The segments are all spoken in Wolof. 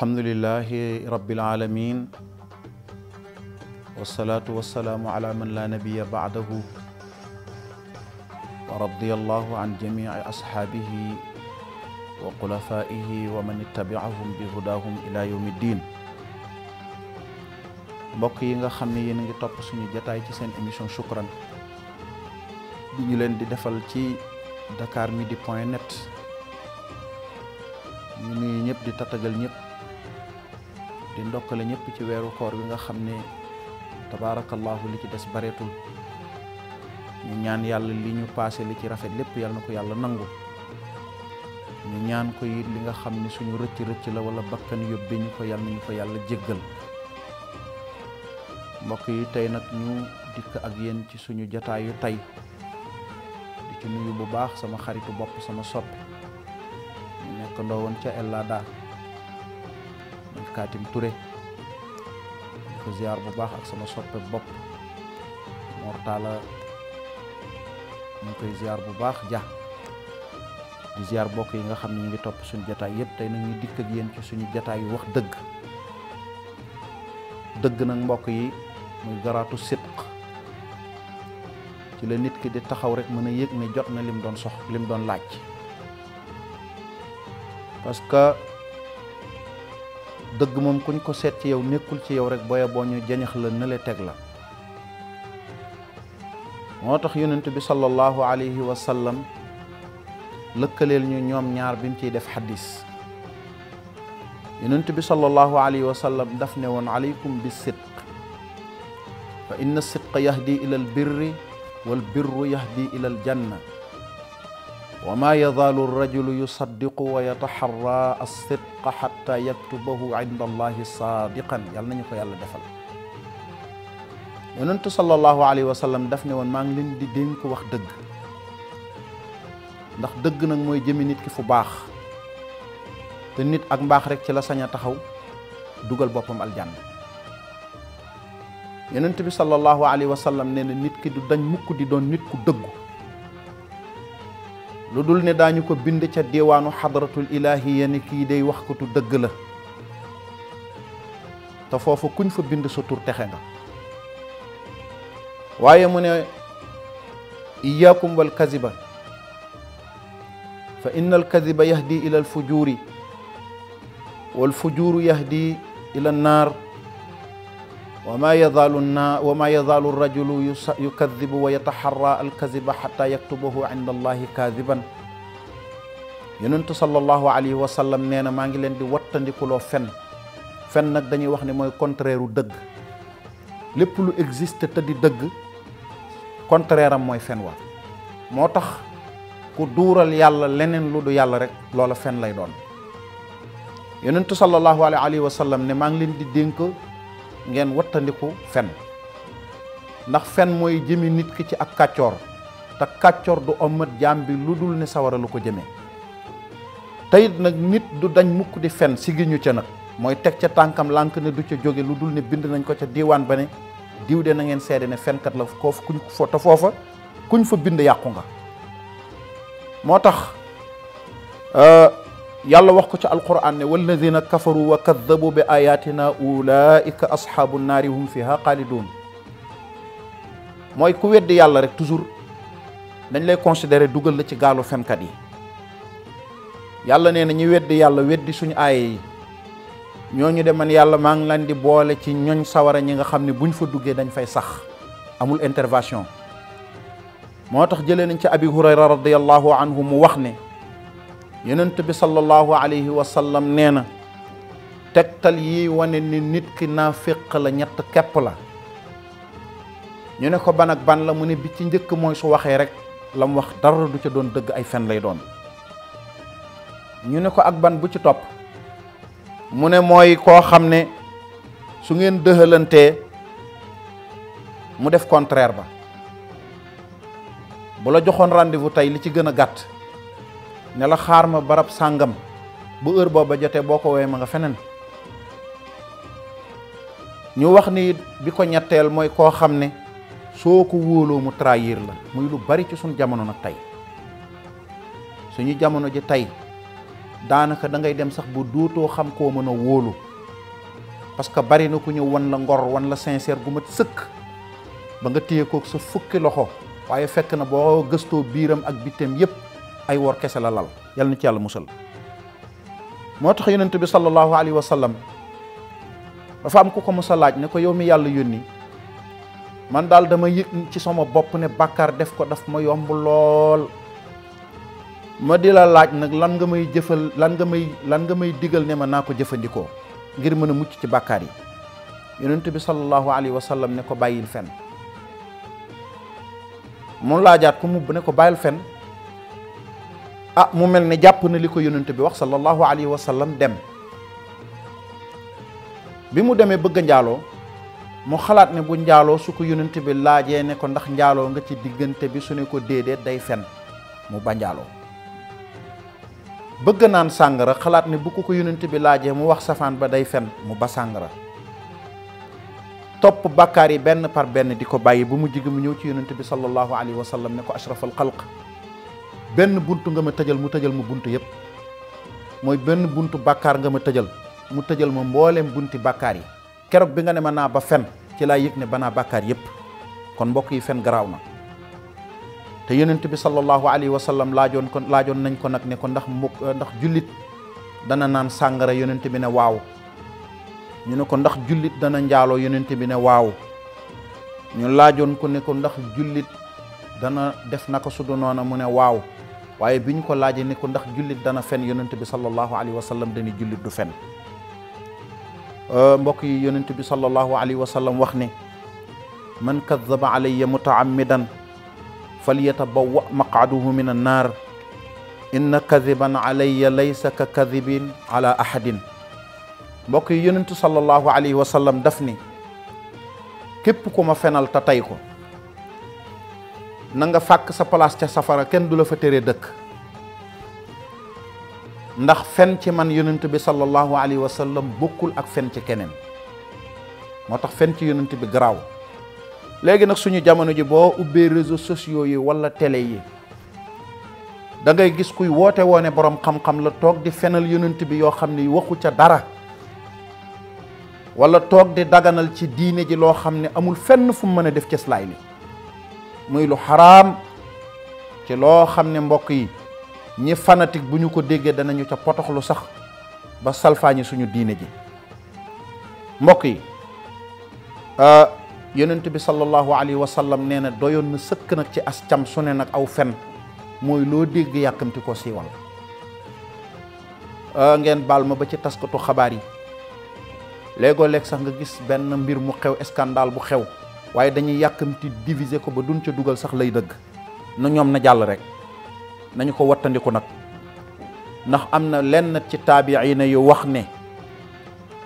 alhamdulilahi rabbil alamin wasalaatu wasalaamu ala man laa nabiya baadahu wa radiya allahu an jamici ashaabihi wa xulafaihi wa man ittabicahum bi hudaahum ila yawmi ddin mbokk yi nga xam ne yéen a ngi topp suñu jataay ci seen émission Shukran ñu leen di defal ci dakar midi point net ñu nuyu ñëpp di tatagal ñëpp di ndokkale ñëpp ci weeru koor bi nga xam ne tabaarakallaahu li ci des bareetul ñu ñaan yàlla li ñu paase li ci rafet lépp yàlla na ko yàlla nangu ñu ñaan ko it li nga xam ne suñu rëcc rëcc la wala bakkan yóbbe ñu ko yàlla nañu fa yàlla jéggal mbokk yi tey nag ñu dikk ak yenn ci suñu jataayu tey di ci nuyu bu baax sama xaritu bopp sama soppi ñu nekk ndoo woon ca Ellada Khatim Touré di ko bu baax ak sama soppe bopp Mortala ñu ngi koy ziar bu baax ja di ziar bokk yi nga xam ne ñu ngi topp suñu jataay yëpp tey nag ñu dikk ak yéen ci suñu jataay yu wax dëgg dëgg nag mbokk yi muy garaatu sidq ci la nit ki di taxaw rek mën a yëg ne jot na lim doon sox lim doon laaj parce dëgg moom kuñ ko seet ci yow nekkul ci yow rek booye boo ñu jañax la nële teg la moo tax yonent bi sallallahu alayhi wa sallam lëkkaleel ñu ñoom ñaar bi mu ciy def xadis yonent bi sallallahu alayhi wa sallam daf ne woon aleykum bi sidq fa inna sidqa yahdi ila al birri wal birru yahdi ila al janna wa maa yazaalu rajulu yusaddiqu wa yataxarraa as-sidqa xatta yaktubahu inda allahi saadiqan yal nañu ko yàlla defal yonentu sallallahu alayhi wa sallam daf ne woon maa ngi leen di ko wax dëgg ndax dëgg nag mooy jëmmi nit ki fu baax te nit ak mbaax rek ci la saña taxaw dugal boppam aljanna yonent bi sallallahu alayhi wa sallam nee na nit ki du dañ mukk di doon nit ku dëggu lu dul ne daañu ko bind ca diwaanu xadratul ilaahi yenn kii day wax ko tu dëgg la te foofu kuñ fa bind sa texe nga waaye mu ne iyaakum wal kaziba fa inna al kaziba yahdi ila al fujuri wal fujuru yahdi ila an naar وما يزال النا وما يزال الرجل يكذب ويتحرى الكذب حتى يكتبه عند الله كاذبا yonentu sallallahu alayhi wa sallam nee na maa ngi leen di wattandikuloo fen fen nag dañuy wax ne mooy contraire u dëgg lépp lu existe te di dëgg contraire mooy fen wa moo tax ku duural yàlla leneen lu du yàlla rek loola fen lay doon yonentu sallallahu alayhi wa sallam ne maa ngi leen di dénk ngeen wattandiku fen ndax fen mooy jëmi nit ki ci ak kàccoor te kàccoor du ommat jaam bi lu dul ne sawara lu ko jëmee teyit nag nit du dañ mukk di fen sigiñu ca nag mooy teg ca tànkam lànk ne du ca jóge lu dul ne bind nañ ko ca diwaan ba ne diw de na ngeen seede ne fenkat la ko te foofa kuñ fa bind yàqu nga moo tax euh, yàlla wax ko ci alquran ne walladina kafaru wa kaddabu be ayatina ulaika asxaabu naari hum fiha xaalidun mooy ku weddi yàlla rek toujours dañ lay considérer dugal la ci gaalu fenkat yi yàlla nee na ñu weddi yàlla weddi suñu aaye yi ñooñu de man yàlla maa ngi leen di boole ci ñooñ sawara ñi nga xam ne buñ fa duggee dañ fay sax amul intervention moo tax jëlee nañ ci abi hurayra radiallahu anhu mu wax ne yonent bi sallallahu alayhi wa sallam nee na tegtal yi wane ni nit ki naafiq la ñett kepp la ñu ne ko ban ak ban la mu ne bi ci njëkk mooy su waxee rek la mu wax dara du ca doon dëgg ay fen lay doon ñu ne ko ak ban bu ci topp mu ne mooy koo xam ne su ngeen dëxalantee mu def contraire ba bu la joxoon rendez-vous tey li ci gën a gàtt ne la xaar ma barab sàngam bu heure booba jotee boo ko woowee ma nga feneen ñu wax ni bi ko ñetteel mooy koo xam ne soo ko wóoloo mu trahir la muy lu bari ci suñu jamono nag tey suñu jamono ji tey daanaka dangay dem sax bu dootoo xam koo mën a wóolu parce que bari na ku ñëw won la ngor wan la sincère gu mat sëkk ba nga téye koog sa fukki loxo waaye fekk na boo gëstoo biiram ak bitam yépp ay wor kese la lal yàlla na ci yàlla musal moo tax yonent bi sallallahu alayhi wa sallam dafa am ku ko mos laaj ne ko yow mi yàlla yónni man daal dama yëg ci sama bopp ne bàkkaar def ko def ma yomb lool ma di la laaj nag lan nga may jëfal lan nga may lan nga may digal ne ma naa ko jëfandikoo ngir mën a mucc ci bàkkaar yi yonent bi sallallahu alayhi wa sallam ne ko bàyyil fen mu laajaat ko mu ne ko bàyyil fen ah mu mel ni jàpp na li ko yonent bi wax sallallahu alayhi wa sallam dem bi mu demee bëgg a njaaloo mu xalaat ne bu njaaloo su ko yonent bi laajee ne ko ndax njaaloo nga ci diggante bi su ne ko déedéet day fen mu ba njaaloo bëgg naan sàngara xalaat ne bu ko ko yonent bi laajee mu wax safaan ba day fen mu ba sàngara topp bàkkaar yi benn par benn di ko bàyyi bu mu jig mu ñëw ci yonent bi sallallahu alayhi wa sallam ne ko ashrafal xalq benn bunt nga ma tëjal mu tëjal ma buntu yëpp mooy benn buntu bàkkaar nga ma tëjal mu tëjal ma mbooleem bunti bakkaar yi keroog bi nga ne ma naa ba fen ci laa yëg ne banaa bàkkaar yëpp kon mbokk yi fen garaaw na te yonent bi sallallahu alayhi wa sallam laajoon ko laajoon nañ ko nag ne ko ndax mu ndax jullit dana naan sàngara yonent bi ne waaw ñu ne ko ndax jullit dana njaaloo yonent bi ne waaw ñu laajoon ko nekkoon ndax jullit dana def naka su noona mu ne waaw waaye bi ñu ko laajee ni ndax jullit dana fen yonent bi sallallahu alayhi wa sallam dañuy jullit du fen euh, mbokk yi yonent bi sallallahu alayhi wa wax ni man kadaba alayya mutaammidan falyatabawa maqaduhu min annaar inna kadiban alayya laysa ka kadibin ala ahadin mbokk yi yonentu sallallahu alayhi wa sallam daf ni képp ku ma fenal te tey ko na nga fàkk sa place ca safara kenn du la fa tere dëkk ndax fenn ci man yonent bi sallallahu alayhi wa bokkul ak fen ci keneen moo tax fen ci yonent bi garaaw léegi nag suñu jamono ji boo ubbee réseau sociaux yi wala télé yi da ngay gis kuy woote woone boroom xam-xam la toog di fenal yonent bi yoo xam ni waxu ca dara walla toog di daganal ci diine ji loo xam ne amul fenn fu mu mën a def cëslaay li muy lu xaraam ci loo xam ne mbokk yi ñi fanatique bu ñu ko déggee danañu ca potoxlu sax ba salfaañi suñu diine ji mbokk yi euh, yonent bi sallallahu alayhi wa sallam nee na doyoon na sëkk nag ci as cam su ne nag aw fen muy loo dégg yàkkamti ko siiwal euh, ngeen baal ma ba ci taskatu xabaar yi léegoo lekk sax nga gis benn mbir mu xew scandale bu xew waaye dañuy yàkkamti diviser ko ba duñ ca dugal sax lay dëgg na ñoom na jàll rek nañu ko wattandiku nag ndax am na lenn ci na yu wax ne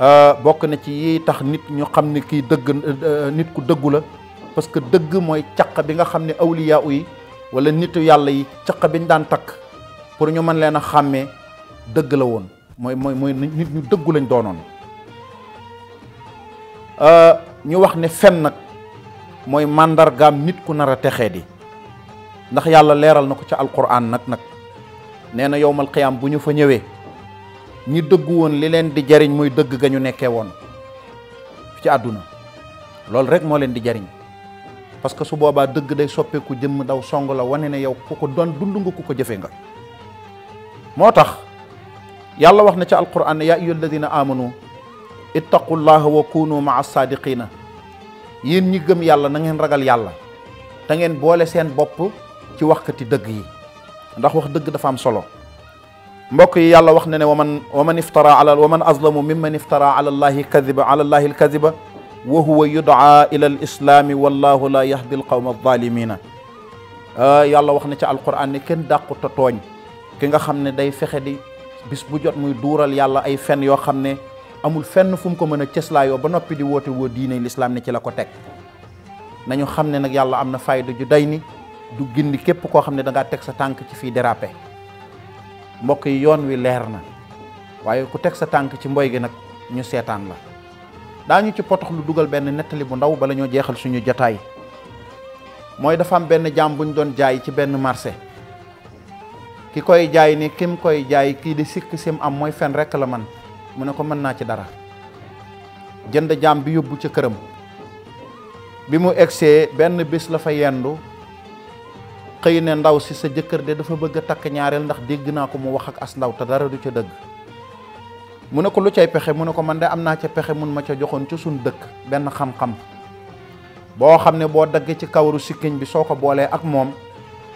euh, bokk na ci yi tax nit ñu xam ne kii dëgg euh, nit ku dëggu la parce que dëgg mooy caq bi nga xam ne awliyaa yi wala nitu yàlla yi caq biñ daan takk pour ñu mën leen a xàmmee dëgg la woon mooy mooy mooy nit ñu dëggu lañ doonoon euh, ñu wax ne fen nag mooy màndargaam nit ku nar a texee di ndax yàlla leeral na ko ca alquran nag nag nee na yowmal qiyaam bu ñu fa ñëwee ñi dëgg woon li leen di jariñ mooy dëgg ga ñu nekkee woon ci àdduna loolu rek moo leen di jariñ parce que su boobaa dëgg day soppeeku jëmm daw song la wane na yow ku ko doon dund nga ku ko jëfee nga moo tax yàlla wax na ca alquran ne yaa ayyuha alladina amanu ittaqullaha wa kunu maa saadiqina yéen ñi gëm yàlla nangeen ragal yàlla te ngeen boole seen bopp ci waxkati dëgg yi ndax wax dëgg dafa am solo mbokk yi yàlla wax na ne waman waman iftara ala waman azlamu mimman iftara ala allahi kadiba ala allahi alkadiba wa huwa yudaa ila al islaami wallahu la yahdi al qawma alzalimina ah, yàlla wax na ci alquran ne kenn dàquta tooñ ki nga xam ne day fexe di bis bu jot muy duural yàlla ay fen yoo xam ne amul fenn fu mu ko mën a cëslaayoo ba noppi di woote woo diine lislaam ne ci la ko teg nañu xam ne nag yàlla am na fayda ju day ni du gindi képp koo xam ne da teg sa tànk ci fii dérapé mbokk yi yoon wi leer na waaye ku teg sa tànk ci mboy gi nag ñu seetaan la daañu ci potox lu dugal benn nettali bu ndaw bala ñoo jeexal suñu jotaay mooy dafa am benn jaam buñ doon jaay ci benn marché ki koy jaay ni kim koy jaay kii di sikk sim am mooy fen rekk la man mu ne ko mën naa ci dara jënd jaam bi yóbbu ca këram bi mu egsee benn bés la fa yendu xëy ne ndaw si sa jëkkër de dafa bëgg takk ñaareel ndax dégg naa ko mu wax ak as ndaw te dara du ca dëgg mu ne ko lu cay pexe mu ne ko man de am naa ca pexe mun ma ca joxoon ca suñ dëkk benn xam boo xam ne boo daggee ci kawaru sikkiñ bi soo ko boolee ak moom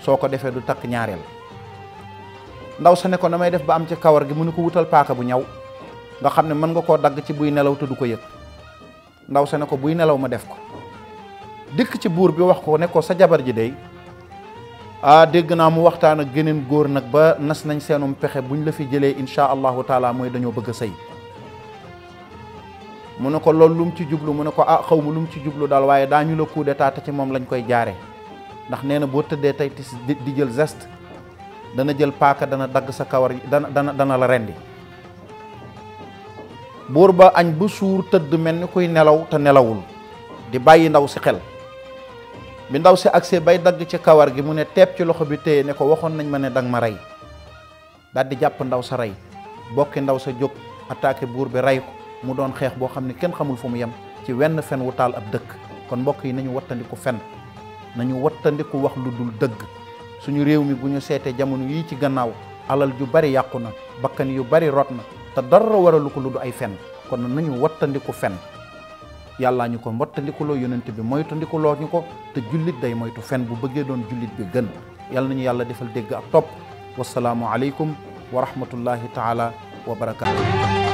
soo ko defee du takk ñaareel ndaw sa nekkoon ko def ba am ci kawar gi mu ne ko wutal paaka bu ñaw nga xam ne mën nga koo dagg ci buy nelaw te du ko yëg ndaw sa ne ko buy nelaw ma def ko dikk ci buur bi wax ko ne ko sa jabar ji day a dégg naa mu waxtaan ak geneen góor nag ba nas nañ seenum pexe buñ la fi jëlee insha allahu taala mooy dañoo bëgg a sëy mu ne ko loolu lu ci jublu mu ne ko ah xaw ma lu mu ci jublu daal waaye ñu la coup d'état ci moom lañ koy jaare ndax nee na boo tëddee tey di jël geste dana jël paaka dana dagg sa kawar dana dana dana la rendi buur ba añ ba suur tëdd mel ni kuy nelaw te nelawul di bàyyi ndaw si xel bi ndaw si agsee bay dagg ci kawar gi mu ne teeb ci loxo bi téye ne ko waxoon nañ ma ne dang ma rey daal di jàpp ndaw sa rey bokki ndaw sa jóg attaqué buur bi rey ko mu doon xeex boo xam ne kenn xamul fa mu yem ci wenn fen wu taal ab dëkk kon mbokk yi nañu wattandiku fen nañu wattandiku wax lu dul dëgg suñu réew mi bu ñu seetee jamono yii ci gannaaw alal ju bari yàqu na bakkan yu bari rot na te dara waralu ko lu du ay fen kon nañu wattandiku fen yàllaa ñu ko wattandikuloo yonent bi moytandikuloo ñu ko te jullit day moytu fen bu bëggee doon jullit bi gën yàlla nañu yàlla defal dégg ak topp wasalaamu aleykum wa rahmatullahi taala wa barakaatu